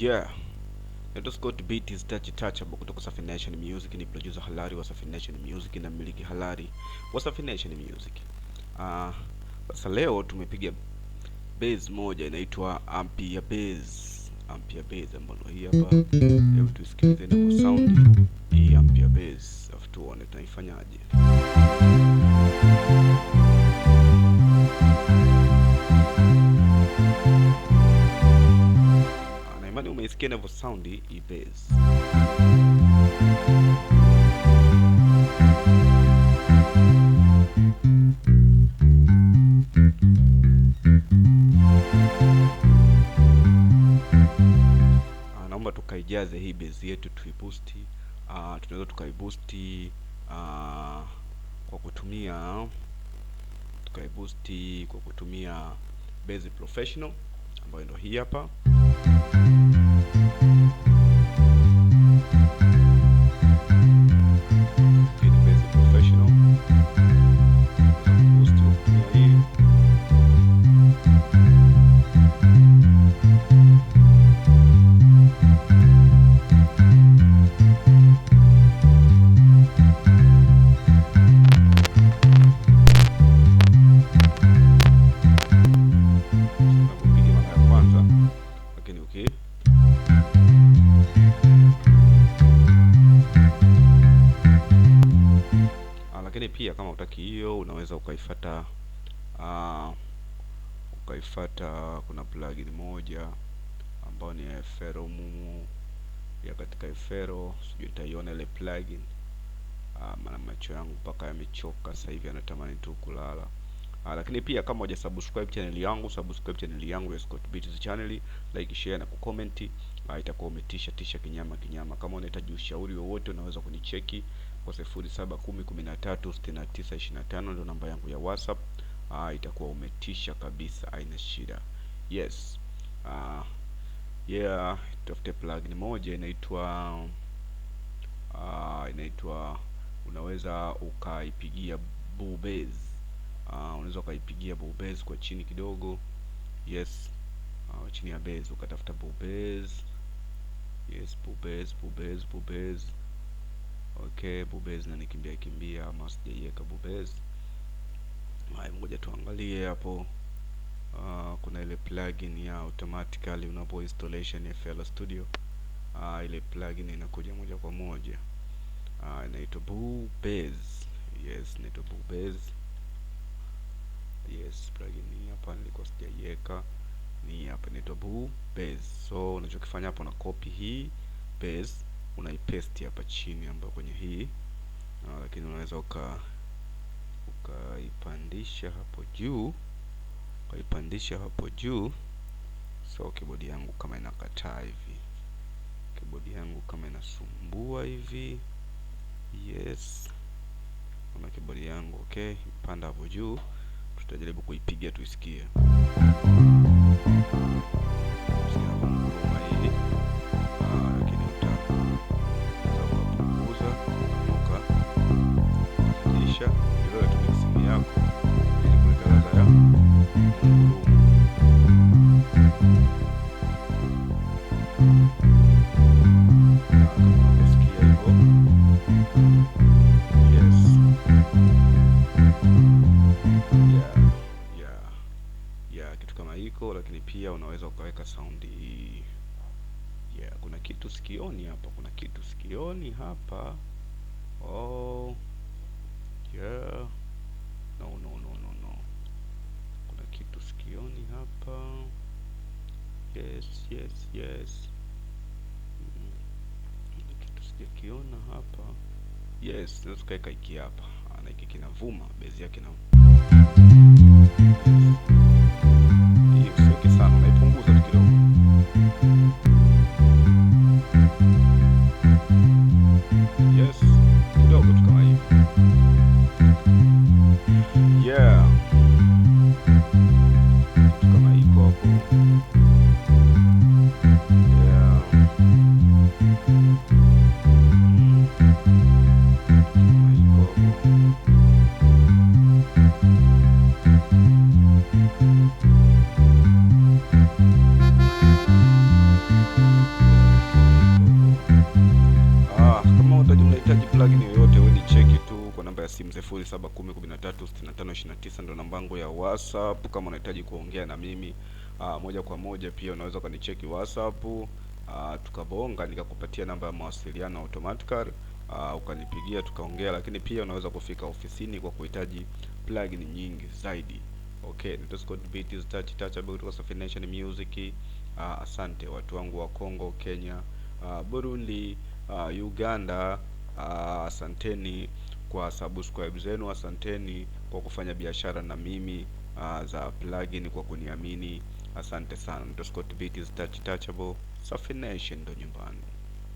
Yeah. go to Beat his Touch Touchable kutoka Safi Nation Music, ni producer halali wa Safi Nation Music na miliki halali wa Safi Nation Music. Ah, sasa leo tumepiga bass moja inaitwa Ampia Bass. Ampia Bass ambayo hii hapa. Hebu tusikilize na sound hii Ampia Bass. Afu tuone tunaifanyaje. tusikie inavyosaundi hii ah, bass. Naomba tukaijaze hii bezi yetu tuibusti. Uh, tunaweza tukaibusti uh, kwa kutumia tukaibusti kwa kutumia bezi Professional ambayo ndo hii hapa. thank you hiyo unaweza ukaifata uh, ukaifata. Kuna plugin moja ambayo ni Efero mumu ya katika Efero, sijui nitaiona ile plugin uh, maana macho yangu mpaka yamechoka sasa hivi anatamani tu kulala. Uh, lakini pia kama uja subscribe channel yangu, subscribe channel yangu ya Scott Beats channel, like, share na kucomment. Uh, itakuwa umetisha tisha kinyama kinyama. Kama unahitaji ushauri wowote, unaweza kunicheki kwa 0710136925 ndio namba yangu ya WhatsApp. Ah, itakuwa umetisha kabisa, haina shida. Yes, Ah, yeah, tafute plugin moja inaitwa ah, inaitwa unaweza ukaipigia Bubez. Ah, unaweza ukaipigia Bubez kwa chini kidogo. Yes, Ah, chini ya bez ukatafuta Bubez. Yes, Bubez, Bubez, Bubez. Okay, bubezi na nikimbia kimbia ama sijaiweka bubezi. Hai, ngoja tuangalie hapo. Uh, kuna ile plugin ya automatically unapo installation ya FL Studio. Uh, ile plugin inakuja moja kwa moja. Uh, inaitwa Bubez. Yes, inaitwa Bubez. Yes, plugin hii hapa nilikuwa sijaiweka. Ni hapa inaitwa Bubez. So unachokifanya hapo na copy hii base unaipaste hapa chini ambapo kwenye hii uh, lakini unaweza uka ukaipandisha hapo juu ukaipandisha hapo juu. So kibodi yangu kama inakataa hivi, kibodi yangu kama inasumbua hivi, yes na kibodi yangu okay, ipanda hapo juu. Tutajaribu kuipiga tuisikie. kuhakikisha inayotumia simu yako ili kuweka ladha ya lakini pia unaweza ukaweka saundi Yeah, kuna kitu sikioni hapa, kuna kitu sikioni hapa. Oh. Yeah. No, no, no, no, no. Kuna kitu sikioni hapa. Yes, yes, yes. Kuna kitu sijakiona hapa. Yes, let's iki hapa. Ana hiki kinavuma, bezi yake na. sana. sifuri saba kumi kumi na tatu sitini na tano ishirini na tisa ndo nambangu ya WhatsApp kama unahitaji kuongea na mimi uh, moja kwa moja pia unaweza ukanicheki WhatsApp uh, tukabonga nikakupatia namba ya mawasiliano automatically uh, ukanipigia tukaongea, lakini pia unaweza kufika ofisini kwa kuhitaji plugin nyingi zaidi. Okay, Nitoscode Beats, Touch Touch kutoka Safi Nation Music. Uh, asante watu wangu wa Kongo, Kenya, uh, Burundi, uh, Uganda, uh, asanteni kwa subscribe zenu, asanteni kwa kufanya biashara na mimi uh, za plugin kwa kuniamini. Asante sana. Ndo Scott Beatz, Touch Touchable, Safi Nation ndo nyumbani.